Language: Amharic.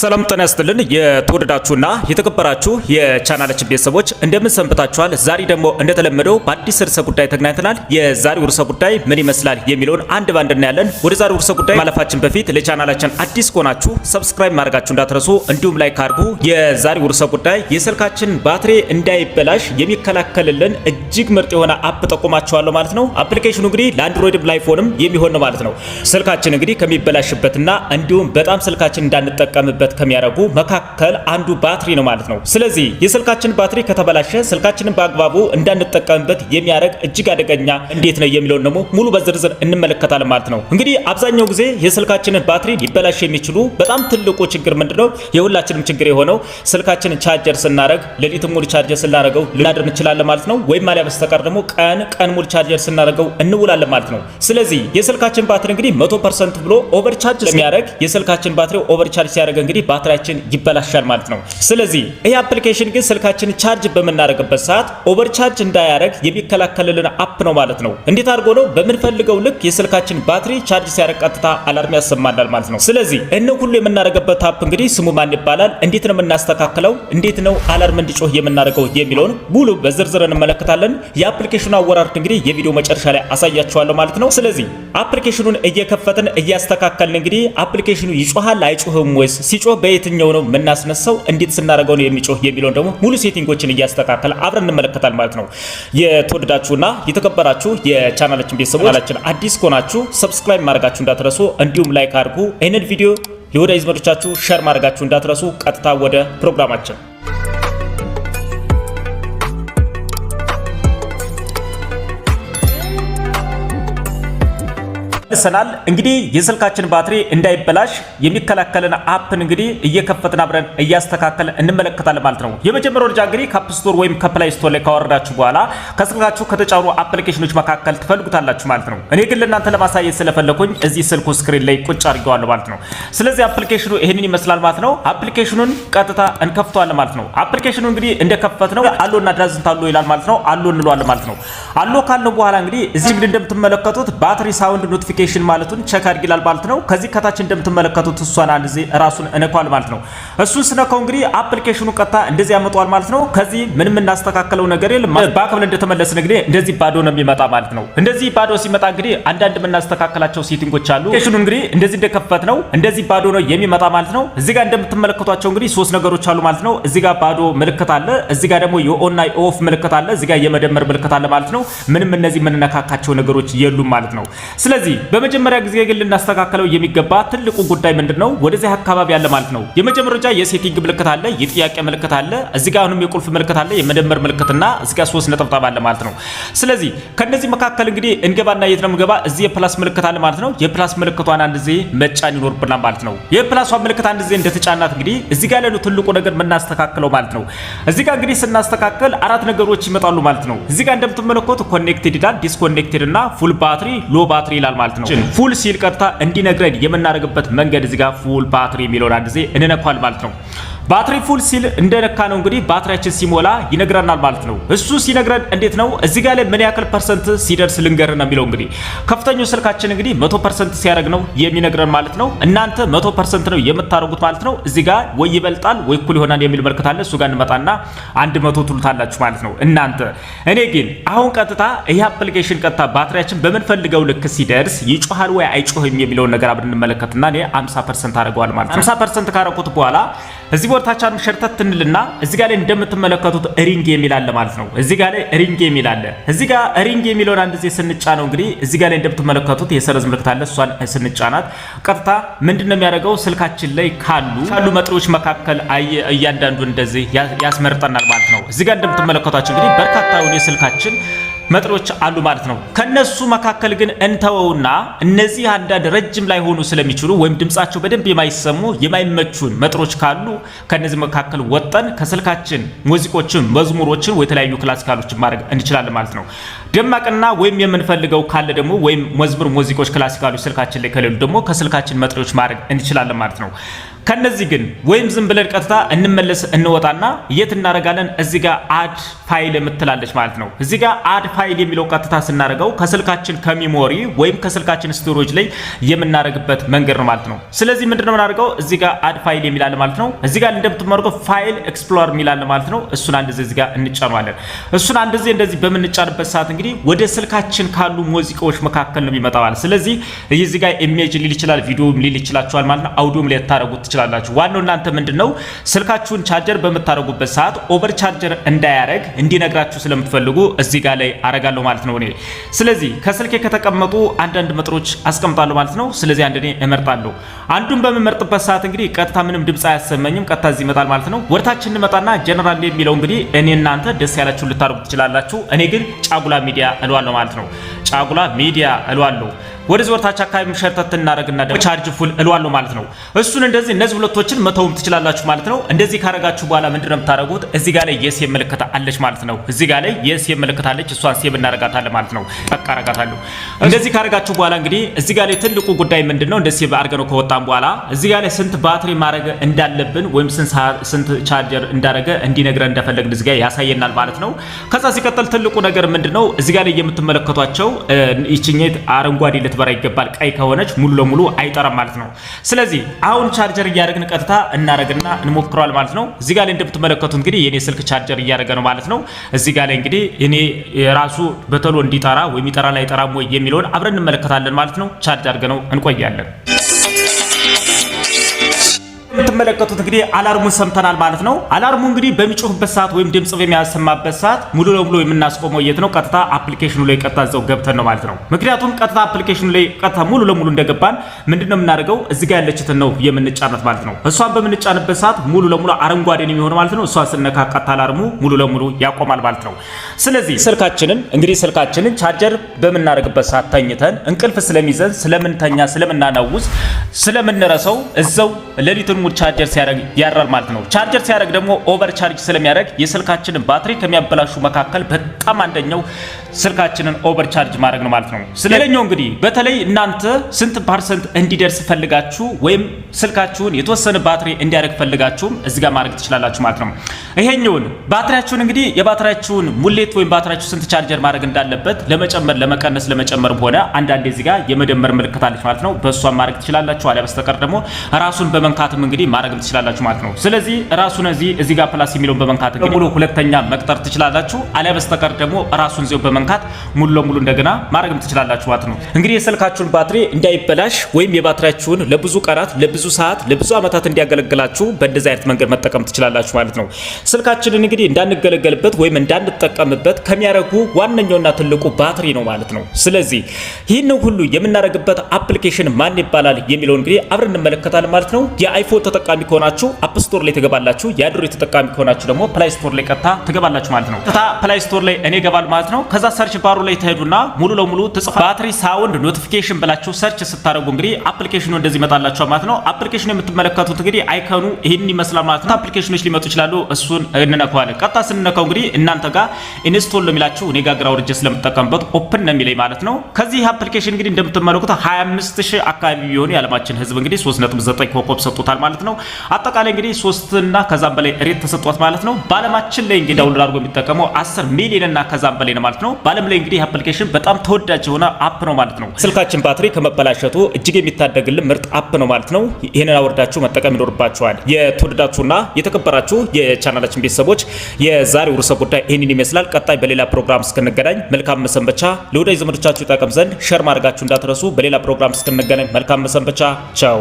ሰላም ጤና ይስጥልን። የተወደዳችሁና የተከበራችሁ የቻናላችን ቤተሰቦች እንደምን ሰንብታችኋል? ዛሬ ደግሞ እንደተለመደው በአዲስ ርዕሰ ጉዳይ ተገናኝተናል። የዛሬው ርዕሰ ጉዳይ ምን ይመስላል የሚለውን አንድ ባንድ እናያለን። ወደ ዛሬው ርዕሰ ጉዳይ ማለፋችን በፊት ለቻናላችን አዲስ ከሆናችሁ ሰብስክራይብ ማድረጋችሁ እንዳትረሱ፣ እንዲሁም ላይክ አድርጉ። የዛሬው ርዕሰ ጉዳይ የስልካችን ባትሪ እንዳይበላሽ የሚከላከልልን እጅግ ምርጥ የሆነ አፕ ጠቁማችኋለሁ ማለት ነው። አፕሊኬሽኑ እንግዲህ ለአንድሮይድም ላይፎንም የሚሆን ነው ማለት ነው። ስልካችን እንግዲህ ከሚበላሽበትና እንዲሁም በጣም ስልካችን እንዳንጠቀምበት እንዲመረት ከሚያደርጉ መካከል አንዱ ባትሪ ነው ማለት ነው። ስለዚህ የስልካችን ባትሪ ከተበላሸ ስልካችንን በአግባቡ እንዳንጠቀምበት የሚያደርግ እጅግ አደገኛ እንዴት ነው የሚለውን ደግሞ ሙሉ በዝርዝር እንመለከታለን ማለት ነው። እንግዲህ አብዛኛው ጊዜ የስልካችንን ባትሪ ሊበላሽ የሚችሉ በጣም ትልቁ ችግር ምንድነው? የሁላችንም ችግር የሆነው ስልካችንን ቻርጀር ስናደርግ ሌሊት ሙሉ ቻርጀር ስናደርገው ልናድር እንችላለን ማለት ነው። ወይም አሊያ በስተቀር ደግሞ ቀን ቀን ሙሉ ቻርጀር ስናደርገው እንውላለን ማለት ነው። ስለዚህ የስልካችን ባትሪ እንግዲህ ፐርሰንት ብሎ ኦቨርቻርጅ ስለሚያደርግ የስልካችን ባትሪ ኦቨርቻርጅ ሲያደርግ እንግዲህ እንግዲህ ባትሪያችን ይበላሻል ማለት ነው። ስለዚህ ይህ አፕሊኬሽን ግን ስልካችን ቻርጅ በምናደርግበት ሰዓት ኦቨርቻርጅ እንዳያደርግ የሚከላከልልን አፕ ነው ማለት ነው። እንዴት አድርጎ ነው? በምንፈልገው ልክ የስልካችን ባትሪ ቻርጅ ሲያደርግ ቀጥታ አላርም ያሰማናል ማለት ነው። ስለዚህ እነ ሁሉ የምናደርግበት አፕ እንግዲህ ስሙ ማን ይባላል? እንዴት ነው የምናስተካክለው? እንዴት ነው አላርም እንዲጮህ የምናደርገው የሚለውን ሙሉ በዝርዝር እንመለከታለን። የአፕሊኬሽኑ አወራርድ እንግዲህ የቪዲዮ መጨረሻ ላይ አሳያችኋለሁ ማለት ነው። ስለዚህ አፕሊኬሽኑን እየከፈትን እያስተካከልን እንግዲህ አፕሊኬሽኑ ይጮሃል አይጮህም ወይስ ሲጮህ በየትኛው ነው የምናስነሳው እንዴት ስናደርገው ነው የሚጮህ የሚለውን ደግሞ ሙሉ ሴቲንጎችን እያስተካከል አብረን እንመለከታል ማለት ነው። የተወደዳችሁና የተከበራችሁ የቻናላችን ቤተሰቦች አዲስ ከሆናችሁ ሰብስክራይብ ማድረጋችሁ እንዳትረሱ፣ እንዲሁም ላይክ አድርጉ። ይህንን ቪዲዮ ለወዳጅ ዘመዶቻችሁ ሸር ማድረጋችሁ እንዳትረሱ። ቀጥታ ወደ ፕሮግራማችን መልሰናል። እንግዲህ የስልካችን ባትሪ እንዳይበላሽ የሚከላከልን አፕን እንግዲህ እየከፈትን አብረን እያስተካከል እንመለከታለን ማለት ነው። የመጀመሪያው ደረጃ እንግዲህ ከአፕስቶር ወይም ከፕላይ ስቶር ላይ ካወረዳችሁ በኋላ ከስልካችሁ ከተጫኑ አፕሊኬሽኖች መካከል ትፈልጉታላችሁ ማለት ነው። እኔ ግን ለእናንተ ለማሳየት ስለፈለኩኝ እዚህ ስልኩ ስክሪን ላይ ቁጭ አድርጌዋለሁ ማለት ነው። ስለዚህ አፕሊኬሽኑ ይህንን ይመስላል ማለት ነው። አፕሊኬሽኑን ቀጥታ እንከፍተዋለን ማለት ነው። አፕሊኬሽኑ እንግዲህ እንደከፈት ነው አሎ እና ዳዝንት አሎ ይላል ማለት ነው። አሎ እንለዋለን ማለት ነው። አሎ ካለው በኋላ እንግዲህ እዚህ እንግዲህ እንደምትመለከቱት ባትሪ ሳውንድ ኖቲፊኬሽን ኖቲፊኬሽን ማለቱን ቸክ አድርጊላል ማለት ነው። ከዚህ ከታች እንደምትመለከቱት እሷን አንድ ጊዜ ራሱን እነኳል ማለት ነው። እሱን ስነካው እንግዲህ አፕሊኬሽኑ ቀጥታ እንደዚህ ያመጣዋል ማለት ነው። ከዚህ ምንም እናስተካከለው ነገር የለም። ባክብል እንደተመለስን እንግዲህ እንደዚህ ባዶ ነው የሚመጣ ማለት ነው። እንደዚህ ባዶ ሲመጣ እንግዲህ አንዳንድ የምናስተካከላቸው ሴቲንጎች አሉ። ኬሽኑ እንግዲህ እንደዚህ እንደከፈት ነው እንደዚህ ባዶ ነው የሚመጣ ማለት ነው። እዚህ ጋር እንደምትመለከቷቸው እንግዲህ ሶስት ነገሮች አሉ ማለት ነው። እዚህ ጋር ባዶ ምልክት አለ፣ እዚህ ጋር ደግሞ የኦንና የኦፍ ምልክት አለ፣ እዚህ ጋር የመደመር ምልክት አለ ማለት ነው። ምንም እነዚህ የምንነካካቸው ነገሮች የሉም ማለት ነው። ስለዚህ በመጀመሪያ ጊዜ ግን ልናስተካከለው የሚገባ ትልቁ ጉዳይ ምንድን ነው? ወደዚህ አካባቢ ያለ ማለት ነው። የመጀመሪያ የሴቲንግ ምልክት አለ፣ የጥያቄ ምልክት አለ፣ እዚህ ጋር አሁንም የቁልፍ ምልክት አለ፣ የመደመር ምልክትና እዚህ ጋር ሶስት ነጠብጣብ አለ ማለት ነው። ስለዚህ ከነዚህ መካከል እንግዲህ እንገባና የት ነው እዚህ የፕላስ ምልክት አለ ማለት ነው። የፕላስ ምልክቷን አንድ ጊዜ መጫን ይኖርብናል ማለት ነው። የፕላሷ ምልክት አንድ ጊዜ እንደተጫናት እንግዲህ እዚህ ጋር ያለው ትልቁ ነገር የምናስተካክለው ማለት ነው። እዚህ ጋር እንግዲህ ስናስተካከል አራት ነገሮች ይመጣሉ ማለት ነው። እዚህ ጋር እንደምትመለከቱ ኮኔክትድ ይላል፣ ዲስኮኔክትድ እና ፉል ባትሪ፣ ሎ ባትሪ ይላል ማለት ነው። ነው። ፉል ሲል ቀጥታ እንዲነግረን የምናደርግበት መንገድ እዚህ ጋር ፉል ባትሪ የሚለውን አንድ ጊዜ እንነኳል ማለት ነው። ባትሪ ፉል ሲል እንደነካ ነው እንግዲህ ባትሪያችን ሲሞላ ይነግረናል ማለት ነው። እሱ ሲነግረን እንዴት ነው እዚህ ጋር ላይ ምን ያክል ፐርሰንት ሲደርስ ልንገር ነው የሚለው እንግዲህ ከፍተኛው ስልካችን እንግዲህ መቶ ፐርሰንት ሲያደርግ ነው የሚነግረን ማለት ነው። እናንተ መቶ ፐርሰንት ነው የምታደርጉት ማለት ነው። እዚህ ጋር ወይ ይበልጣል ወይ እኩል ይሆናል የሚል መልክት አለ። እሱ ጋር እንመጣና አንድ መቶ ትሉታላችሁ ማለት ነው እናንተ። እኔ ግን አሁን ቀጥታ ይህ አፕሊኬሽን ቀጥታ ባትሪያችን በምንፈልገው ልክ ሲደርስ ይጮሃል ወይ አይጮህም የሚለውን ነገር አብረን እንመለከትና እኔ 50 ፐርሰንት አደርገዋል ማለት ነው። 50 ፐርሰንት ካረኩት በኋላ እዚህ ቦርታቻን ሸርተት ትንልና እዚህ ጋር ላይ እንደምትመለከቱት ሪንግ የሚል አለ ማለት ነው። እዚህ ጋር ላይ ሪንግ የሚል አለ። እዚህ ጋር ሪንግ የሚለውን አንድ ጊዜ ነው እንግዲህ እዚህ ጋር ላይ እንደምትመለከቱት የሰረዝ ምልክት አለ። እሷን ስንጫናት ቀጥታ ምንድነው የሚያደርገው ስልካችን ላይ ካሉ ካሉ መጥሪዎች መካከል እያንዳንዱ እንደዚህ ያስመርጠናል ማለት ነው። እዚህ ጋር እንደምትመለከቷቸው እንግዲህ በርካታ የስልካችን መጥሮች አሉ ማለት ነው። ከነሱ መካከል ግን እንተወውና እነዚህ አንዳንድ ረጅም ላይ ሆኑ ስለሚችሉ ወይም ድምጻቸው በደንብ የማይሰሙ የማይመቹን መጥሮች ካሉ ከነዚህ መካከል ወጠን ከስልካችን ሙዚቆችን፣ መዝሙሮችን፣ የተለያዩ ክላሲካሎችን ማድረግ እንችላለን ማለት ነው። ደማቅና ወይም የምንፈልገው ካለ ደግሞ ወይም መዝሙር፣ ሙዚቆች፣ ክላሲካሎች ስልካችን ላይ ከሌሉ ደግሞ ከስልካችን መጥሪዎች ማድረግ እንችላለን ማለት ነው። ከነዚህ ግን ወይም ዝም ብለን ቀጥታ እንመለስ እንወጣና የት እናደርጋለን? እዚህ ጋር አድ ፋይል የምትላለች ማለት ነው። እዚህ ጋር አድ ፋይል የሚለው ቀጥታ ስናደርገው ከስልካችን ከሚሞሪ ወይም ከስልካችን ስቶሮጅ ላይ የምናደርግበት መንገድ ነው ማለት ነው። ስለዚህ ምንድነው የምናደርገው? እዚህ ጋር አድ ፋይል የሚላል ማለት ነው። እዚህ ጋር እንደምትመርቀው ፋይል ኤክስፕሎር የሚላል ማለት ነው። እሱን አንድ ጊዜ እዚህ ጋር እንጫኗለን። እሱን አንድ ጊዜ እንደዚህ በምንጫንበት ሰዓት እንግዲህ እንግዲህ ወደ ስልካችን ካሉ ሙዚቃዎች መካከል ነው የሚመጣ ማለት። ስለዚህ እዚህ ጋር ኢሜጅ ሊል ይችላል፣ ቪዲዮም ሊል ይችላችኋል ማለት ነው። አውዲዮም ልታደርጉት ትችላላችሁ። ዋናው እናንተ ምንድን ነው ስልካችሁን ቻርጀር በምታደርጉበት ሰዓት ኦቨር ቻርጀር እንዳያረግ እንዲነግራችሁ ስለምትፈልጉ እዚህ ጋር ላይ አረጋለሁ ማለት ነው እኔ። ስለዚህ ከስልኬ ከተቀመጡ አንዳንድ መጥሮች አስቀምጣለሁ ማለት ነው። ስለዚህ አንድ እኔ እመርጣለሁ። አንዱን በምመርጥበት ሰዓት እንግዲህ ቀጥታ ምንም ድምፅ አያሰመኝም። ቀጥታ እዚህ ይመጣል ማለት ነው። ወደታችን እንመጣና ጀነራል የሚለው እንግዲህ እኔ እናንተ ደስ ያላችሁ ልታደርጉ ትችላላችሁ። እኔ ግን ጫጉላ ሚዲያ እሏለሁ ማለት ነው። ጫጉላ ሚዲያ እሏለሁ። ወደ ዝወርታች አካባቢ ሸርተት እናደረግና ደግሞ ቻርጅ ፉል እሏለሁ ማለት ነው። እሱን እንደዚህ እነዚህ ሁለቶችን መተውም ትችላላችሁ ማለት ነው። እንደዚህ ካረጋችሁ በኋላ ምንድን ነው የምታደርጉት? እዚህ ጋር ላይ የስ የምልክት አለች ማለት ነው። እዚህ ጋር ላይ የስ የምልክት አለች። እሷን ሴብ እናረጋታለን ማለት ነው። ጠቅ አረጋታለሁ። እንደዚህ ካረጋችሁ በኋላ እንግዲህ እዚህ ጋር ላይ ትልቁ ጉዳይ ምንድን ነው? እንደዚህ አድርገን ከወጣን በኋላ እዚህ ጋር ላይ ስንት ባትሪ ማድረግ እንዳለብን ወይም ስንት ቻርጀር እንዳረገ እንዲነግረን እንደፈለግን እዚህ ጋር ያሳየናል ማለት ነው። ከዛ ሲቀጥል ትልቁ ነገር ምንድን ነው? እዚህ ጋር የምትመለከቷቸው ይችኛት አረንጓዴ ልትበራ ይገባል። ቀይ ከሆነች ሙሉ ለሙሉ አይጠራም ማለት ነው። ስለዚህ አሁን ቻርጀር እያደረግን ቀጥታ እናደረግና እንሞክረዋል ማለት ነው። እዚህ ጋር ላይ እንደምትመለከቱ እንግዲህ የእኔ ስልክ ቻርጀር እያደረገ ነው ማለት ነው። እዚህ ጋር ላይ እንግዲህ እኔ የራሱ በተሎ እንዲጠራ ወይም ይጠራ ላይጠራም ወይ የሚለውን አብረን እንመለከታለን ማለት ነው። ቻርጅ አድርገ ነው እንቆያለን። የምትመለከቱት እንግዲህ አላርሙን ሰምተናል ማለት ነው። አላርሙ እንግዲህ በሚጮህበት ሰዓት ወይም ድምጽ በሚያሰማበት ሰዓት ሙሉ ለሙሉ የምናስቆመው የት ነው? ቀጥታ አፕሊኬሽኑ ላይ ቀጥታ እዛው ገብተን ነው ማለት ነው። ምክንያቱም ቀጥታ አፕሊኬሽኑ ላይ ቀጥታ ሙሉ ለሙሉ እንደገባን ምንድነው የምናደርገው? እዚህ ጋር ያለችትን ነው የምንጫነት ማለት ነው። እሷን በምንጫንበት ሰዓት ሙሉ ለሙሉ አረንጓዴ ነው የሚሆነው ማለት ነው። እሷን ስነካ ቀጥታ አላርሙ ሙሉ ለሙሉ ያቆማል ማለት ነው። ስለዚህ ስልካችንን እንግዲህ ስልካችንን ቻርጀር በምናደርግበት ሰዓት ተኝተን እንቅልፍ ስለሚዘን ስለምንተኛ ስለምናነውስ፣ ስለምንረሰው እዛው ሌሊቱን ደግሞ ቻርጀር ሲያደርግ ያራል ማለት ነው። ቻርጀር ሲያደርግ ደግሞ ኦቨር ቻርጅ ስለሚያደርግ የስልካችንን ባትሪ ከሚያበላሹ መካከል በጣም አንደኛው ስልካችንን ኦቨር ቻርጅ ማድረግ ነው ማለት ነው። ስለሌላኛው እንግዲህ በተለይ እናንተ ስንት ፐርሰንት እንዲደርስ ፈልጋችሁ ወይም ስልካችሁን የተወሰነ ባትሪ እንዲያደርግ ፈልጋችሁም እዚህ ጋር ማድረግ ትችላላችሁ ማለት ነው። ይሄኛውን ባትሪያችሁን እንግዲህ የባትሪያችሁን ሙሌት ወይም ባትሪያችሁ ስንት ቻርጀር ማድረግ እንዳለበት ለመጨመር ለመቀነስ፣ ለመጨመርም ሆነ አንዳንዴ እዚህ ጋር የመደመር ምልክት አለች ማለት ነው። በእሷም ማድረግ ትችላላችሁ። በስተቀር ደግሞ ራሱን በመንካትም እንግዲህ እንግዲህ ማድረግም ትችላላችሁ ማለት ነው። ስለዚህ ራሱን እዚህ እዚህ ጋር ፕላስ የሚለውን በመንካት ሙሉ ሁለተኛ መቅጠር ትችላላችሁ። አሊያ በስተቀር ደግሞ ራሱን እዚሁ በመንካት ሙሉ ለሙሉ እንደገና ማድረግም ትችላላችሁ ማለት ነው። እንግዲህ የስልካችሁን ባትሪ እንዳይበላሽ ወይም የባትሪያችሁን ለብዙ ቀናት፣ ለብዙ ሰዓት፣ ለብዙ ዓመታት እንዲያገለግላችሁ በእንደዚህ አይነት መንገድ መጠቀም ትችላላችሁ ማለት ነው። ስልካችንን እንግዲህ እንዳንገለገልበት ወይም እንዳንጠቀምበት ከሚያደርጉ ዋነኛውና ትልቁ ባትሪ ነው ማለት ነው። ስለዚህ ይህን ሁሉ የምናደርግበት አፕሊኬሽን ማን ይባላል የሚለው እንግዲህ አብረን እንመለከታለን ማለት ነው የአይፎን የአይፎን ተጠቃሚ ከሆናችሁ አፕ ስቶር ላይ ትገባላችሁ። የአንድሮይድ ተጠቃሚ ከሆናችሁ ደግሞ ፕላይ ስቶር ላይ ቀጥታ ትገባላችሁ ማለት ነው። ቀጥታ ፕላይ ስቶር ላይ እኔ እገባለሁ ማለት ነው። ከዛ ሰርች ባሩ ላይ ትሄዱና ሙሉ ለሙሉ ትጽፋ ባትሪ ሳውንድ ኖቲፊኬሽን ብላችሁ ሰርች ስታደርጉ እንግዲህ አፕሊኬሽኑ እንደዚህ ይመጣላችኋል ማለት ነው። አፕሊኬሽኑ የምትመለከቱት እንግዲህ አይከኑ ይህን ይመስላል ማለት ነው። አፕሊኬሽኖች ሊመጡ ይችላሉ። እሱን እንነካዋለን። ቀጥታ ስንነካው እንግዲህ እናንተ ጋር ኢንስቶል ነው የሚላችሁ። እኔ ጋር ግራውድ ጀስ ስለምጠቀምበት ኦፕን ነው የሚለኝ ማለት ነው። ከዚህ አፕሊኬሽን እንግዲህ እንደምትመለከቱ 25000 አካባቢ ቢሆኑ የዓለማችን ህዝብ እንግዲህ 3.9 ኮከብ ሰጥቶታል። ማለት ነው። አጠቃላይ እንግዲህ ሶስትና ከዛም በላይ ሬት ተሰጧት ማለት ነው። በአለማችን ላይ እንግዲህ ዳውንሎድ አድርጎ የሚጠቀመው አስር ሚሊዮን እና ከዛም በላይ ነው ማለት ነው። በአለም ላይ እንግዲህ አፕሊኬሽን በጣም ተወዳጅ የሆነ አፕ ነው ማለት ነው። ስልካችን ባትሪ ከመበላሸቱ እጅግ የሚታደግልን ምርጥ አፕ ነው ማለት ነው። ይህንን አውርዳችሁ መጠቀም ይኖርባችኋል። የተወደዳችሁና የተከበራችሁ የቻናላችን ቤተሰቦች የዛሬው ርዕሰ ጉዳይ ይህንን ይመስላል። ቀጣይ በሌላ ፕሮግራም እስክንገናኝ መልካም መሰንበቻ። ለወዳጅ ዘመዶቻችሁ ይጠቅም ዘንድ ሸር ማድረጋችሁ እንዳትረሱ። በሌላ ፕሮግራም እስክንገናኝ መልካም መሰንበቻ። ቻው